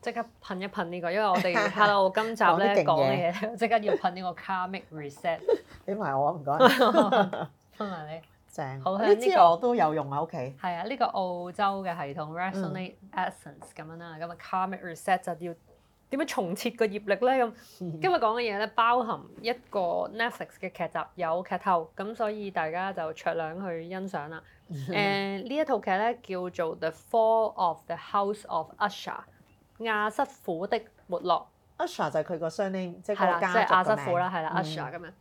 即刻噴一噴呢、這個，因為我哋 Hello 我今集咧講嘅嘢，即刻要噴呢個 Karmic Reset。點埋我唔該，噴埋你。 來正。好呢、這個都有用喺屋企。係啊，呢、這個澳洲嘅系統 Resonate Essence 咁、嗯、樣啦，咁啊 Karmic Reset 就要點樣重設個業力咧？咁今日講嘅嘢咧，包含一個 Netflix 嘅劇集，有劇透，咁所以大家就酌量去欣賞啦。誒呢、 uh, 一套劇咧叫做 The Fall of the House of Usher。亞瑟府的沒落，Usher 就係佢個雙名，即係個家族嘅名。係啦，Usher 咁樣。就是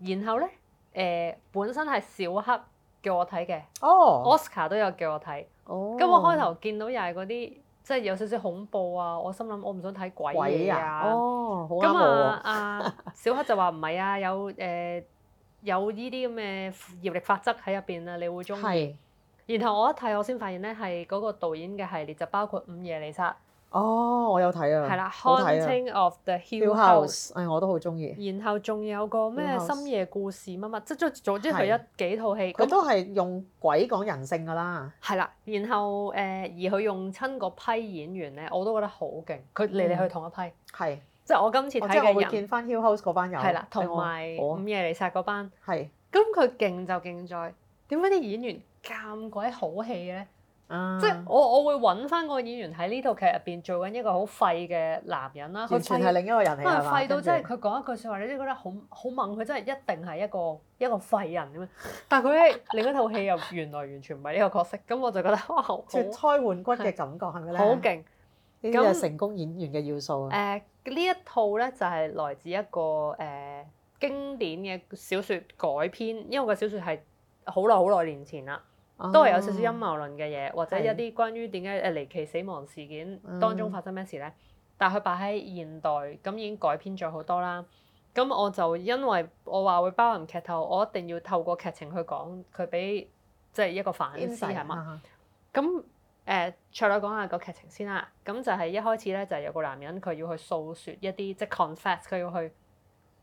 嗯、然後咧，誒、呃、本身係小黑叫我睇嘅、哦、，Oscar 都有叫我睇。咁、哦、我開頭見到又係嗰啲，即、就、係、是、有少少恐怖啊！我心諗我唔想睇鬼嘢啊，啊！哦，咁後啊，小黑就話唔係啊，有誒、呃、有依啲咁嘅業力法則喺入邊啊，你會鍾意。是然後我一睇我先發現咧，係嗰個導演嘅系列就包括午夜彌撒。哦，我有睇啊，係啦的，《Haunting of the Hill House》，誒、哎，我都好中意。然後仲有個咩深夜故事乜乜，的即係總之佢一幾套戲。咁都係用鬼講人性㗎啦。係啦，然後誒、呃，而佢用親嗰批演員咧，我都覺得好勁。佢嚟嚟去同一批。係的，即係我今次睇嘅人。我，我會見翻《Hill House》嗰班友，係啦，同埋午夜嚟殺嗰班。係的。咁佢勁就勁在點解啲演員咁鬼好戲咧？嗯、即係我我會揾翻個演員，喺呢套劇入邊做緊一個好廢嘅男人啦，完全係另一個人嚟嘛。因為廢到真係佢講一句説話，你都覺得好好猛，佢真係一定係一個一個廢人咁樣。但係他佢另一套戲又原來完全唔係呢個角色，咁 我就覺得哇，好脫胎換骨嘅感覺咧，好是勁！呢啲係成功演員嘅要素啊。呢、呃、一套咧就係來自一個誒、呃、經典嘅小説改編，因為個小説係好耐好耐年前啦。都係有少少陰謀論嘅嘢，或者一啲關於點解誒離奇死亡事件當中發生咩事咧？嗯、但佢擺喺現代咁已經改編咗好多啦。咁我就因為我話會包含劇透，我一定要透過劇情去講佢俾即係一個反思係嘛？咁誒、嗯，卓女講下個劇情先啦。咁就係一開始咧，就係有個男人佢要去訴説一啲即係、就是、confess，佢要去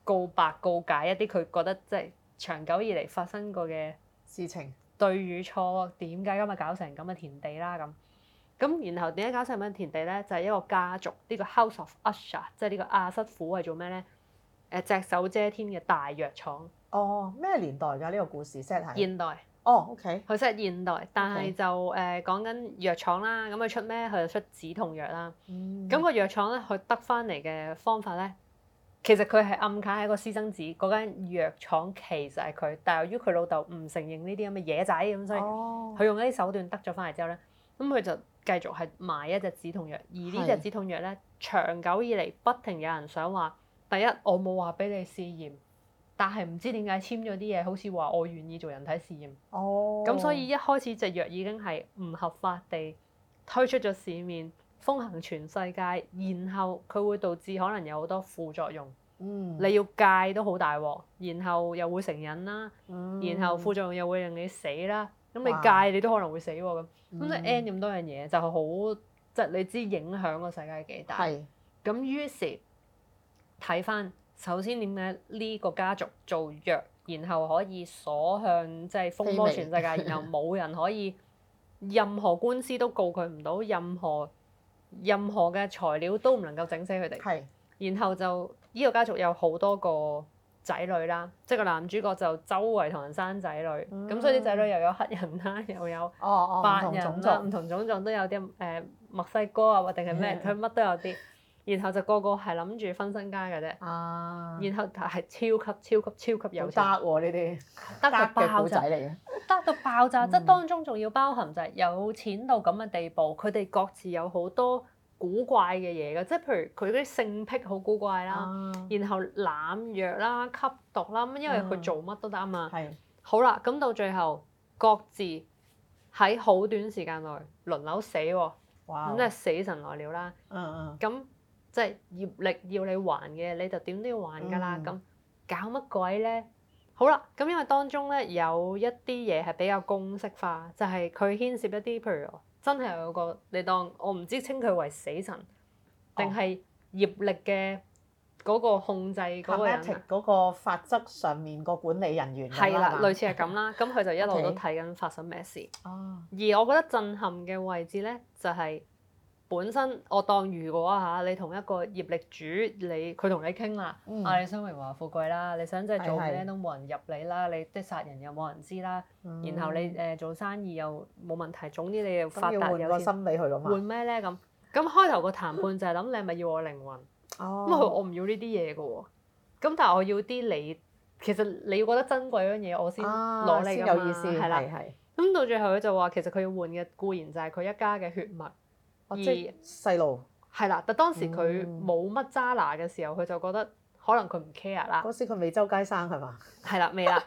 告白告解一啲佢覺得即係長久以嚟發生過嘅事情。對與錯，點解今日搞成咁嘅田地啦？咁咁，然後點解搞成咁嘅田地咧？就係、是、一個家族呢、呢個 House of Usher 即係呢個亞瑟府係做咩咧？誒，隻手遮天嘅大藥廠。哦，咩年代㗎呢、呢個故事 set 係現代。哦，OK。佢 set 現代，但係就誒講緊藥廠啦。咁、呃、佢出咩？佢就出止痛藥啦。咁個藥廠咧，佢得返嚟嘅方法咧。其實佢係暗卡喺一個私生子，嗰間藥廠其實係佢，但由於佢老豆唔承認呢啲咁嘅嘢仔咁，oh. 所以佢用一啲手段得咗返嚟之後呢，咁佢就繼續係賣一隻止痛藥。而呢隻止痛藥呢，長久以嚟不停有人想話，第一我冇話俾你試驗，但係唔知點解簽咗啲嘢，好似話我願意做人體試驗。哦，咁所以一開始隻藥已經係唔合法地推出咗市面。風行全世界，然後佢會導致可能有好多副作用。嗯，你要戒都好大鑊，然後又會成癮啦，嗯、然後副作用又會令你死啦。咁哇你戒你都可能會死喎。咁咁即 n 咁多樣嘢就係、是、好，即、就、係、是、你知影響個世界幾大。係咁是，於是睇返首先點解呢個家族做藥，然後可以所向即係、就是、風靡全世界，非美 然後冇人可以任何官司都告佢唔到，任何。任何嘅材料都唔能夠整死佢哋。係是，然後就呢、這個家族有好多個仔女啦，即係個男主角就周圍同人生仔女，咁、嗯、所以啲仔女又有黑人啦，又有白人啦，唔、哦哦、同種種、啊、都有啲誒墨西哥啊或定係咩，佢乜、嗯、都有啲。然後就個個係諗住分身家嘅啫。啊！然後係超級超級超級，超級有德喎呢啲，得個包仔嚟。得到爆炸，嗯、即係當中仲要包含就係有錢到咁嘅地步，佢哋各自有好多古怪嘅嘢㗎，即係譬如佢啲性癖好古怪啦，啊、然後濫藥啦、吸毒啦，因為佢做乜都得啊嘛。係、嗯。好啦，咁到最後各自喺好短時間內輪流死喎，咁、哦、即係死神來了啦。嗯咁、嗯、即係業力要你還嘅，你就點都要還㗎啦。咁、嗯嗯、搞乜鬼咧？好啦，咁因為當中咧有一啲嘢係比較公式化，就係、係、佢牽涉一啲，譬如我真係有個你當我唔知稱佢為死神，定係業力嘅嗰個控制嗰個法則上面個管理人員啦，oh. 類似係咁啦，咁佢就一路都睇緊發生咩事。Oh. 而我覺得震撼嘅位置咧，就係、係。本身我當如果吓你同一個業力主，你佢同你傾啦，嗯、啊你生榮華富貴啦，你想真係做咩都冇人入你啦，你即係殺人又冇人知啦，嗯、然後你誒做生意又冇問題，總之你又發達有錢。換咩咧咁？咁開頭個談判就係諗你係咪要我靈魂？咁、哦、我唔要呢啲嘢嘅喎。咁但係我要啲你，其實你覺得珍貴嗰樣嘢，我先攞你嘅，有意思係啦係。咁到最後佢就話，其實佢要換嘅固然就係佢一家嘅血脈。啊、即細路而細路係啦，但當時佢冇乜揸拿嘅時候，佢就覺得可能佢唔 care 啦。嗰時佢未周街生係嘛？係啦，未啦。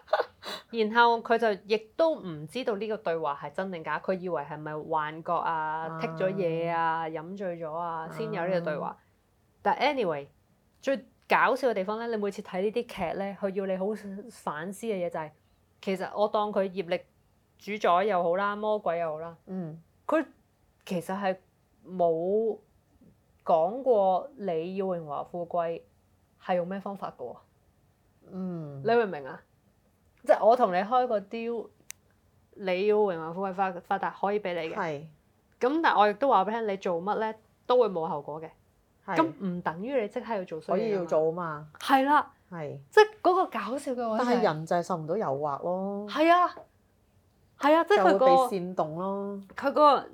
然後佢就亦都唔知道呢個對話係真定假，佢以為係咪幻覺啊、啊剔咗嘢啊、飲醉咗啊先有呢個對話。啊、但 anyway，最搞笑嘅地方咧，你每次睇呢啲劇咧，佢要你好反思嘅嘢就係、係、其實我當佢業力主宰又好啦，魔鬼又好啦，嗯，佢其實係。冇講過你要榮華富貴係用咩方法嘅喎？嗯，你明唔明啊？即係我同你開個 deal，你要榮華富貴發發達可以俾你嘅，係是。咁但係我亦都話俾你聽，你做乜咧都會冇後果嘅。咁唔是等於你即刻要做衰？可以要做啊嘛。係啦了。係是。即係嗰個搞笑嘅我。但係人就係受唔到誘惑咯。係啊。係啊，啊，即係佢個。就會被煽動咯。佢個。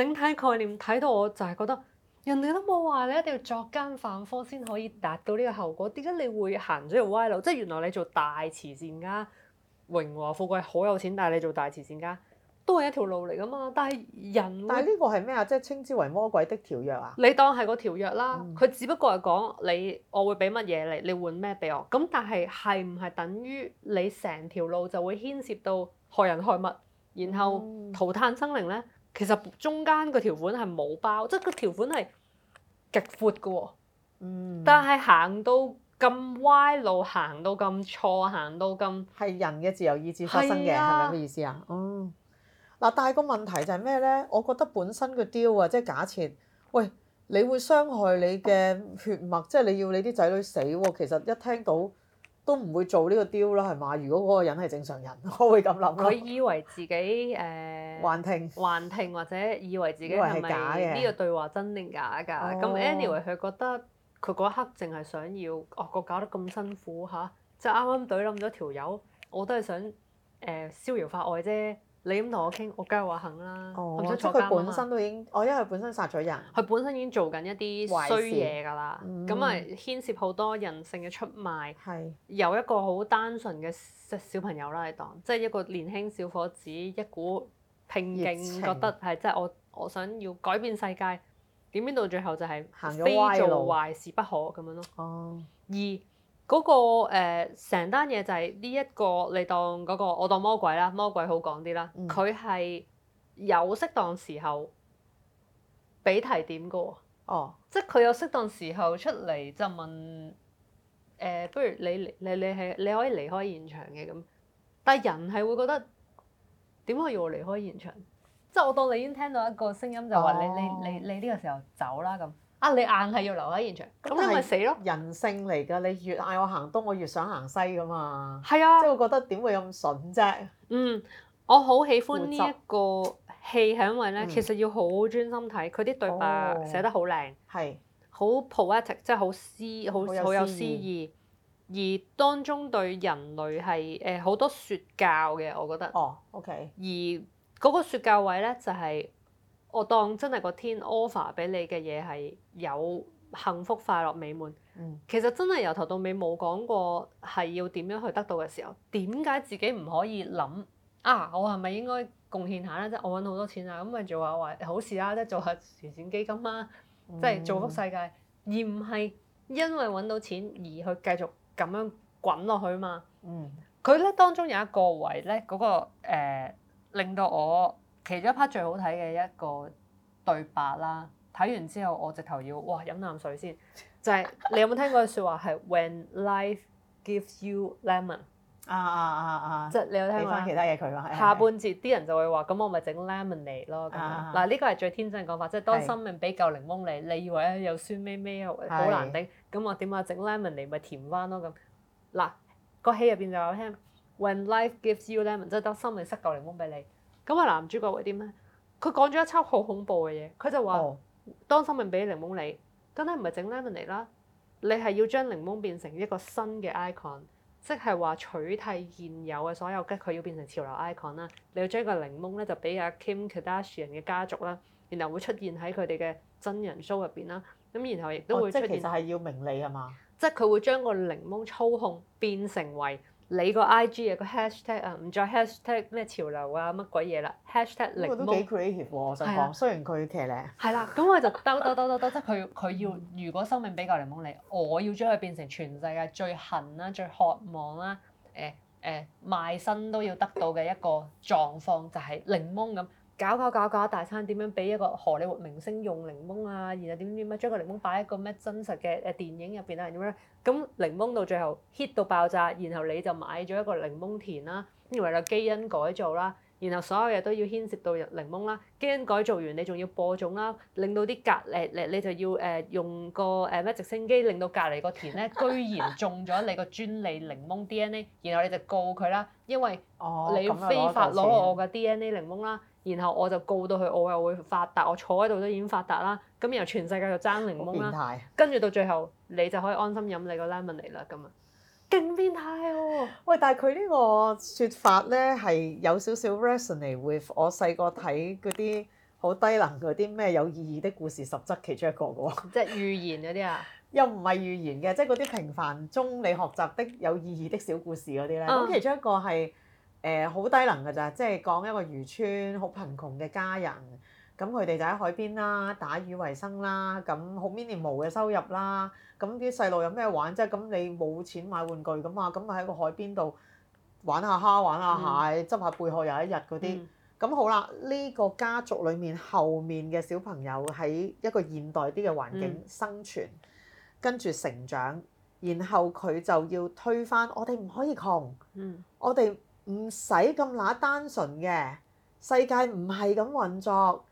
整體概念睇到我就係覺得，人哋都冇話你一定要作奸犯科先可以達到呢個後果。點解你會行咗條歪路？即係原來你做大慈善家，榮華富貴好有錢，但係你做大慈善家都係一條路嚟㗎嘛。但係人，但係呢個係咩啊？即係稱之為魔鬼的條約啊？你當係嗰條約啦，佢只不過係講你，我會俾乜嘢你，你換咩俾我。咁但係係唔係等於你成條路就會牽涉到害人害物，然後塗炭生靈呢？其實中間個條款係冇包，即係個條款係極闊嘅喎。嗯。但係行到咁歪路，行到咁錯，行到咁係人嘅自由意志發生嘅，係咪咁嘅意思啊？哦。嗱，但係個問題就係咩咧？我覺得本身個 deal 啊，即係假設，喂，你會傷害你嘅血脈，即係你要你啲仔女死喎。其實一聽到都唔會做呢個雕 e 啦，係嘛？如果嗰個人係正常人，我會咁諗。佢以為自己誒幻聽，幻、呃、聽停或者以為自己係假嘅呢個對話真定假㗎？咁、哦、Anyway，佢覺得佢嗰一刻淨係想要，哦，個搞得咁辛苦吓，即係啱啱隊冧咗條友，我都係想誒、呃、逍遙法外啫。你咁同我傾，我梗係話肯啦。佢、哦、本身都已經，哦，因為佢本身殺咗人。佢本身已經做緊一啲衰嘢㗎啦，咁咪、嗯、牽涉好多人性嘅出賣。係是。由一個好單純嘅小朋友啦你當，即、就、係、是、一個年輕小伙子，一股拼勁，情覺得係即係我我想要改變世界，點知到最後就係非做壞事不可咁樣咯。哦、嗯。二。嗰、那個誒成單嘢就係呢一個，你當嗰、那個我當魔鬼啦，魔鬼好講啲啦，佢係、嗯、有適當時候俾提點嘅喎。哦，即係佢有適當時候出嚟就問誒、呃，不如你你你係你，你可以離開現場嘅咁，但係人係會覺得點可以我離開現場？即係、哦、我當你已經聽到一個聲音就話你你你你呢個時候走啦咁。啊！你硬係要留喺現場，咁你咪死咯！人性嚟㗎，你越嗌我行東，我越想行西㗎嘛。係啊，即係我覺得點會咁筍啫？嗯，我好喜歡呢一個戲，係因為咧，嗯、其實要好專心睇佢啲對白寫得好靚，係好、哦、poetic，即係好詩，好好有詩意。而當中對人類係誒好多説教嘅，我覺得。哦，OK。而嗰個説教位咧就係、係。我當真係個天 offer 俾你嘅嘢係有幸福、快樂、美滿。嗯、其實真係由頭到尾冇講過係要點樣去得到嘅時候，點解自己唔可以諗啊？我係咪應該貢獻下咧？即係我揾好多錢好啊，咁咪做下話好事啦，啊，即係做下慈善基金啊，即係造福世界，而唔係因為揾到錢而去繼續咁樣滾落去啊嘛。嗯，佢咧當中有一個位咧，嗰、嗰個、呃、令到我。其中一 part 最好睇嘅一個對白啦，睇完之後我直頭要哇飲啖水先。就係、是、你有冇聽過嘅説話係 When life gives you lemon？啊啊啊啊！即、啊、係、啊、你有聽嗎？翻其他嘢佢嘛。下半節啲人就會話：咁我咪整 lemonade 咯。嗱，呢個係最天真嘅講法，即係當生命俾嚿檸檬你，是你以為有酸咩咩，好難頂。咁是我點啊？整 lemonade 咪甜翻咯咁。嗱，個戲入邊就有聽 When life gives you lemon，即係當生命塞嚿檸檬俾你。咁啊男主角話啲咩？佢講咗一輯好恐怖嘅嘢。佢就話：哦、當生命俾檸檬你，咁咧唔係整檸檬嚟啦，你係要將檸檬變成一個新嘅 icon，即係話取替現有嘅所有嘅，佢要變成潮流 icon 啦。你要將個檸檬咧就俾阿 Kim Kardashian 嘅家族啦，然後會出現喺佢哋嘅真人 show 入邊啦。咁然後亦都會出現、哦。即係其實係要名利係嘛？即係佢會將個檸檬操控變成為。你 IG 有個 I G 啊，個 hashtag 啊，唔再 hashtag 咩潮流啊、乜鬼嘢啦 hashtag 檸檬都幾 creative，我想講，啊、雖然佢騎呢係啦，咁、啊、我就兜兜兜兜兜， 即係佢佢要如果生命畀個檸檬你，我要將佢變成全世界最恨啦、最渴望啦、誒、呃、誒、呃、賣身都要得到嘅一個狀況，就係、是、檸檬咁。搞搞搞搞大餐，點樣俾一個荷里活明星用檸檬啊？然後點點乜將個檸檬擺喺個咩真實嘅誒電影入邊啊？點樣咁檸檬到最後 hit 到爆炸，然後你就買咗一個檸檬田啦，因為啦基因改造啦，然後所有嘢都要牽涉到檸檬啦。基因改造完，你仲要播種啦，令到啲隔誒你，你就要誒、呃、用個誒咩、呃、直升機，令到隔離個田咧，居然種咗你個專利檸檬 DNA。然後你就告佢啦，因為、哦哦、你非法攞我嘅 DNA 檸檬啦。然後我就告到佢，我又會發達。我坐喺度都已經發達啦。咁然後全世界就爭檸檬啦。變態太。跟住到最後，你就可以安心飲你個檸檬嚟啦。咁啊，勁變態喎！喂，但係佢呢個説法咧係有少少 resonate with 我細個睇嗰啲好低能嗰啲咩有意義的故事十則其中一個嘅喎、 啊。即係預言嗰啲啊？又唔係預言嘅，即係嗰啲平凡中你學習的有意義的小故事嗰啲咧。咁、嗯、其中一個係。誒好、呃、低能㗎咋，即係講一個漁村好貧窮嘅家人，咁佢哋就喺海邊啦，打魚為生啦，咁好 minimal、um、嘅收入啦，咁啲細路有咩玩啫？咁你冇錢買玩具㗎嘛？咁咪喺個海邊度玩下蝦，玩下蟹，執下貝殼，嗯、一背後有一日嗰啲。咁、嗯、好啦，呢、呢個家族裏面後面嘅小朋友喺一個現代啲嘅環境生存，嗯、跟住成長，然後佢就要推翻我哋唔可以窮，嗯、我哋。唔使咁乸單純嘅，世界唔係咁運作。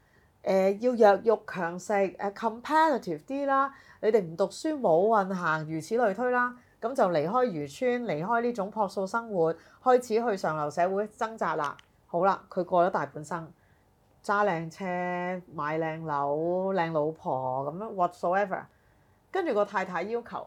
誒、呃，要弱肉強食，誒、啊、competitive 啲啦。你哋唔讀書冇運行，如此類推啦。咁就離開漁村，離開呢種樸素生活，開始去上流社會掙扎啦。好啦，佢過咗大半生，揸靚車、買靚樓、靚老婆咁樣，whatsoever。What so、跟住個太太要求，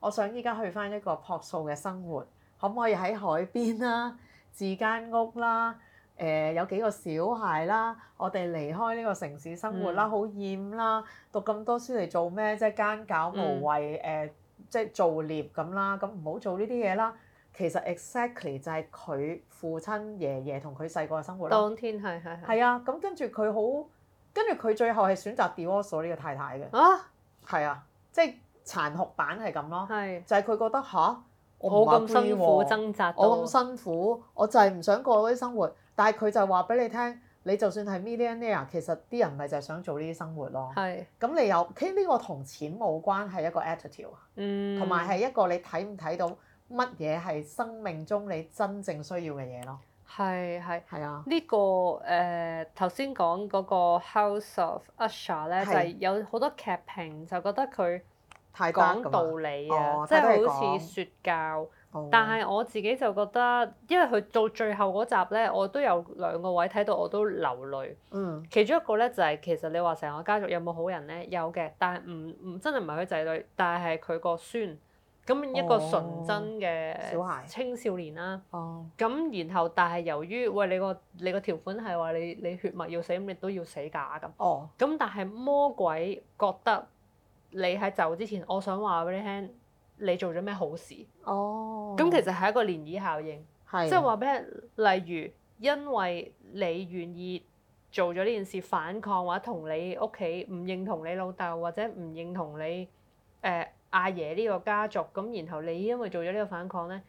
我想依家去返一個樸素嘅生活，可唔可以喺海邊啊？自間屋啦，誒、呃、有幾個小孩啦，我哋離開呢個城市生活啦，好厭、嗯、啦，讀咁多書嚟做咩？即係奸狡無謂，誒、嗯呃、即係造孽咁啦，咁唔好做呢啲嘢啦。其實 exactly 就係佢父親爺爺同佢細個嘅生活。當天係係係。係啊，咁跟住佢好，跟住佢最後係選擇 divorce 呢個太太嘅。啊，係啊，即係殘酷版係咁咯。係，就係佢覺得吓。我咁辛苦掙扎，我咁辛苦，我就係唔想過嗰啲生活。但係佢就話俾你聽，你就算係 millionaire，其實啲人咪就係想做呢啲生活咯。係是。咁你又，其實呢個同錢冇關係，一個 attitude，同埋係、嗯、一個你睇唔睇到乜嘢係生命中你真正需要嘅嘢咯。係係是。係啊。這個呃、個呢個誒頭先講嗰個 House of Usher 咧，是就係有好多劇評就覺得佢。講道理啊，即係、哦、好似説教，哦、但係我自己就覺得，因為佢到最後嗰集咧，我都有兩個位睇到我都流淚。嗯，其中一個咧就係、是、其實你話成個家族有冇好人咧，有嘅，但係唔唔真係唔係佢仔女，但係佢個孫，咁、哦、一個純真嘅青少年啦、啊。咁、哦、然後但，但係由於喂你個你個條款係話你你血脈要死咁，你都要死㗎咁。哦。咁但係魔鬼覺得。你喺走之前，我想話俾你聽，你做咗咩好事？哦，咁其實係一個漣漪效應，即係話俾你，例如因為你願意做咗呢件事反抗，或者同你屋企唔認同你老豆，或者唔認同你誒阿、呃、爺呢個家族，咁然後你因為做咗呢個反抗咧，誒、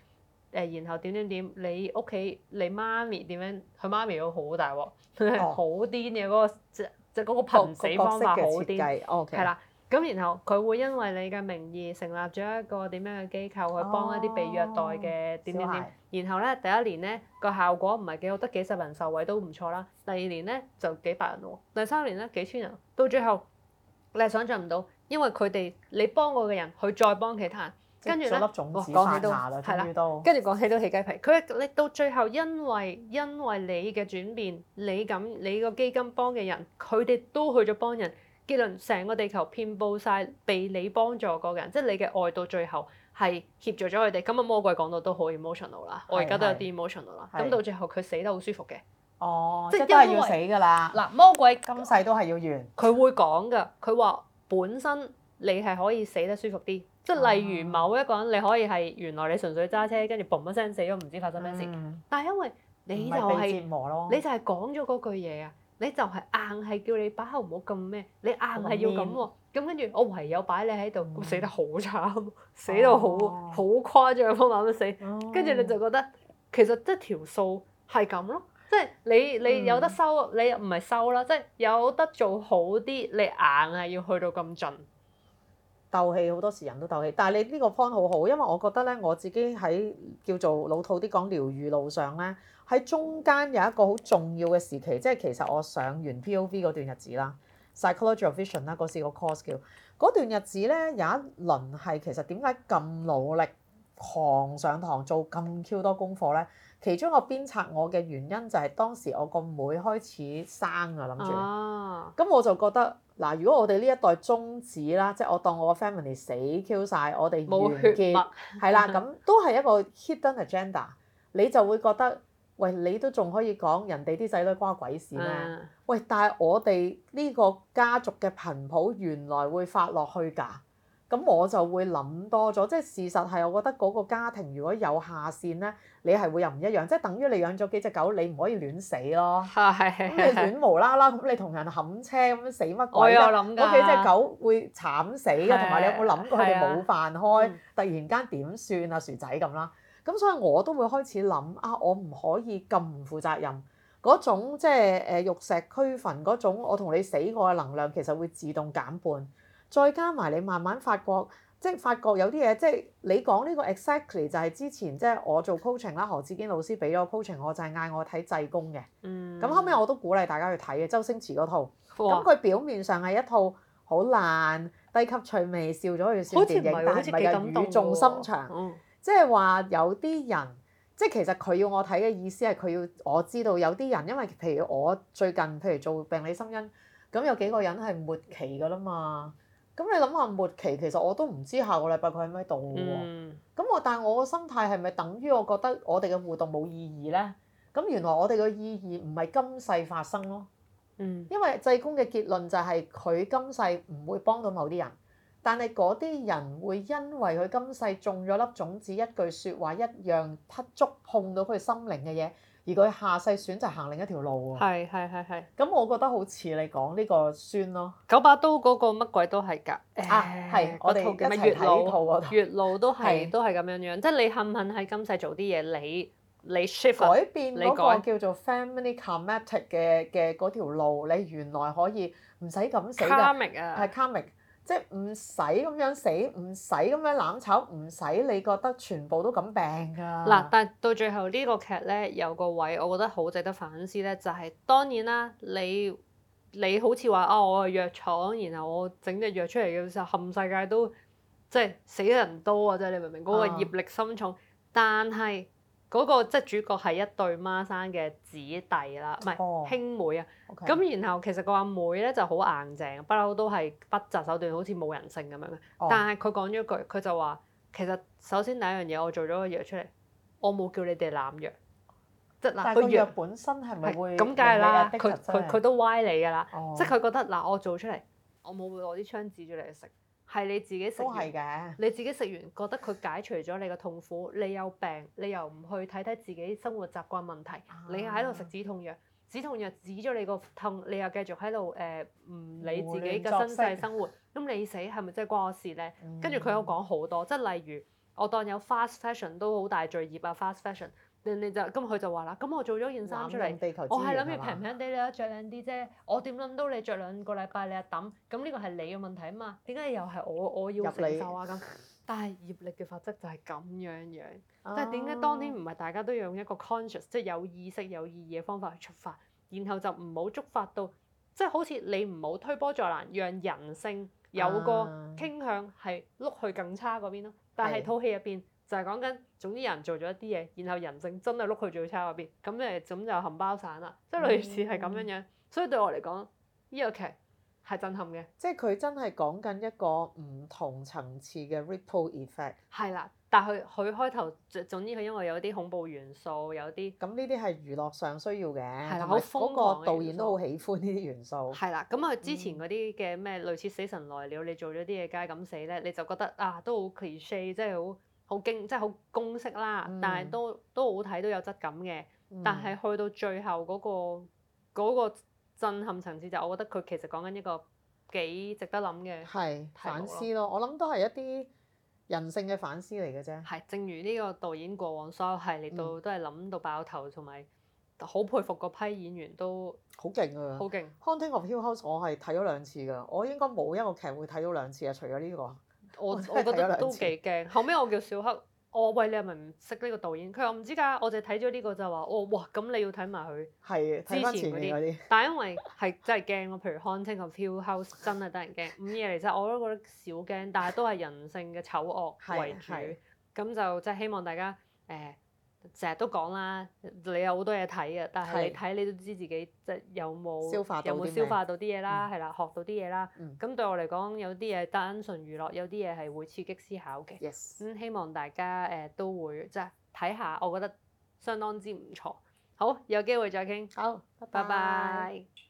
呃，然後點點點，你屋企你媽咪點樣？佢媽咪有好大鑊，好癲嘅嗰個即即嗰個瀕死方法好癲，係啦、哦。咁然後佢會因為你嘅名義成立咗一個點樣嘅機構去幫一啲被虐待嘅點點點。哦、然後咧，第一年咧，個效果唔係幾好，得幾十人受惠都唔錯啦。第二年咧就幾百人咯，第三年咧幾千人。到最後你係想象唔到，因為佢哋你幫我嘅人，去再幫其他人。跟住咧，粒種子發芽啦，終於都。跟住講起都起雞皮。佢你到最後因為因為你嘅轉變，你咁你個基金幫嘅人，佢哋都去咗幫人。結論，成個地球遍布晒被你幫助個人，即係你嘅愛到最後係協助咗佢哋。咁啊，魔鬼講到都好 emotional 啦是，我而家都有啲 emotional 啦是。咁到最後佢死得好舒服嘅。哦，即係因為都係要死㗎啦。嗱，魔鬼今世都係要完，佢會講噶。佢話本身你係可以死得舒服啲，即係例如某一個人，你可以係原來你純粹揸車，跟住嘣一聲死咗，唔知發生咩事。嗯、但係因為你就係、折磨囉、你就係講咗嗰句嘢啊。你就係硬係叫你把口唔好咁咩？你硬係要咁喎，咁跟住我唯有擺你喺度、嗯。死得好慘，死到好好誇張咯，攬得死。跟住、哦、你就覺得其實即係條數係咁咯，即係你你有得收、嗯、你唔係收啦，即係有得做好啲，你硬係要去到咁盡。鬥氣好多時人都鬥氣，但係你呢個 point 好好，因為我覺得咧，我自己喺叫做老土啲講療愈路上咧。喺中間有一個好重要嘅時期，即係其實我上完 POV 嗰段日子啦了，Psychology of Vision 啦，嗰時個 course 叫嗰段日子咧，有一輪係其實點解咁努力狂上堂做咁 Q 多功課咧？其中個鞭策我嘅原因就係、是、當時我個妹，妹開始生啊，諗住，咁我就覺得嗱，如果我哋呢一代終止啦，即係我當我個 family 死 Q 晒，我哋冇血脈，係 啦，咁都係一個 hidden agenda，你就會覺得。喂，你都仲可以講人哋啲仔女關鬼事咩？嗯、喂，但係我哋呢個家族嘅頻譜原來會發落去㗎，咁我就會諗多咗。即係事實係，我覺得嗰個家庭如果有下線咧，你係會又唔一樣。即係等於你養咗幾隻狗，你唔可以亂死咯。咁你亂無啦啦，咁你同人冚車咁死乜鬼？我有諗㗎。幾隻狗會慘死嘅，同埋的你有冇諗過佢哋冇飯開，的突然間點算啊？薯仔咁啦。咁所以我都會開始諗啊，我唔可以咁唔負責任嗰種，即係誒玉石俱焚嗰種，我同你死過嘅能量其實會自動減半。再加埋你慢慢發覺，即係發覺有啲嘢，即係你講呢個 exactly 就係之前即係我做 coaching 啦，何志堅老師俾咗個 coaching，我就係嗌我睇濟公嘅。嗯。咁後尾我都鼓勵大家去睇嘅周星馳嗰套。好啊。咁佢表面上係一套好爛、低級趣味、笑咗笑嘅電影，但係唔係語重心長。嗯即係話有啲人，即係其實佢要我睇嘅意思係佢要我知道有啲人，因為譬如我最近譬如做病理心因，咁有幾個人係末期㗎啦嘛。咁你諗下末期，其實我都唔知下個禮拜佢喺咩度喎。咁、嗯、我但係我個心態係咪等於我覺得我哋嘅活動冇意義呢？咁原來我哋嘅意義唔係今世發生咯。嗯、因為濟公嘅結論就係佢今世唔會幫到某啲人。但係嗰啲人會因為佢今世種咗粒種子，一句説話一樣，忽觸碰到佢心靈嘅嘢，而佢下世選擇行另一條路喎。係係係係。咁我覺得好似你講呢個孫咯，九把刀嗰個乜鬼都係㗎。啊，係我哋一齊睇套。月老都係都係咁樣樣，即係你肯唔肯喺今世做啲嘢，你你 shift 改變嗰個叫做 family connect 嘅嘅嗰條路，你原來可以唔使咁死嘅。Karmic 啊。係 Karmic。即係唔使咁樣死，唔使咁樣攬炒，唔使你覺得全部都咁病㗎。嗱，但係到最後呢、呢個劇咧有個位，我覺得好值得反思咧，就係、係、當然啦，你你好似話啊，我係藥廠，然後我整隻藥出嚟嘅時候，冚世界都即係死人多明明啊！即係你明唔明？嗰個業力深重，但係。嗰、那個即係主角係一對孖生嘅子弟啦，唔係兄妹啊。咁 Okay. 然後其實個阿妹咧就好硬淨，不嬲都係不擇手段，好似冇人性咁樣。Oh. 但係佢講咗一句，佢就話：其實首先第一樣嘢，我做咗個藥出嚟，我冇叫你哋濫藥。即嗱，個藥、那個、本身係咪會咁梗係啦？佢佢都歪你㗎啦，oh. 即係佢覺得嗱，我做出嚟，我冇攞啲槍指住你食。係你自己食完，你自己食完覺得佢解除咗你嘅痛苦，你有病你又唔去睇睇自己生活習慣問題，啊、你又喺度食止痛藥，止痛藥止咗你個痛，你又繼續喺度誒唔理自己嘅身世生活，咁你死係咪真係關我事咧？嗯、跟住佢有講好多，即係例如我當有 fast fashion 都好大罪孽啊，fast fashion。你你，你就咁佢就話啦，咁我做咗件衫出嚟，我係諗住平平地啦，着靚啲啫。我點諗到你着兩個禮拜你啊抌？咁呢個係你嘅問題啊嘛。點解又係我我要承受啊咁？你但係業力嘅法則就係咁樣樣。但係點解當天唔係大家都用一個 conscious，即係有意識、有意義嘅方法去出發，然後就唔好觸發到，即、就、係、是、好似你唔好推波助瀾，讓人性有個傾向係碌去更差嗰邊咯。但係套戲入邊。啊就係講緊總之人做咗一啲嘢，然後人性真係碌去最差嗰邊，咁誒咁就含包散啦，嗯、即係類似係咁樣樣。所以對我嚟講，呢個劇係震撼嘅。即係佢真係講緊一個唔同層次嘅 ripple effect。係啦，但係佢開頭總之佢因為有啲恐怖元素，有啲咁呢啲係娛樂上需要嘅。係啦的，好瘋狂嘅。嗰個導演都好喜歡呢啲元素。係啦，咁佢之前嗰啲嘅咩類似《死神來了》，你做咗啲嘢梗係咁死咧，你就覺得啊都好 cliché 即係好。好勁，即係好公式啦，但係都都好睇，都有質感嘅。但係去到最後嗰個嗰個震撼層次，就我覺得佢其實講緊一個幾值得諗嘅，係反思咯。我諗都係一啲人性嘅反思嚟嘅啫。係，正如呢個導演過往所有系列都都係諗到爆頭，同埋好佩服嗰批演員都好勁啊！好勁！《The Haunting of Hill House》我係睇咗兩次㗎，我應該冇一個劇會睇到兩次啊，除咗呢個。我我覺得都幾驚，後尾我叫小黑，我喂，你係咪唔識呢個導演？佢話唔知㗎，我就睇咗呢個就話，我、哦、哇咁你要睇埋佢之前嗰啲，但係因為係真係驚咯，譬 如 of house,《The Haunting 》同《Hill House》真係得人驚。午夜其實我都覺得少驚，但係都係人性嘅醜惡為主，咁就即係希望大家誒。呃成日都講啦，你有好多嘢睇嘅，但係你睇，你都知自己即係有冇消化到啲咩？有冇消化到啲嘢啦？係啦、嗯，學到啲嘢啦。咁、嗯、對我嚟講，有啲嘢單純娛樂，有啲嘢係會刺激思考嘅。咁 Yes.、嗯、希望大家誒、呃、都會即係睇下，我覺得相當之唔錯。好，有機會再傾。好，拜拜。Bye bye.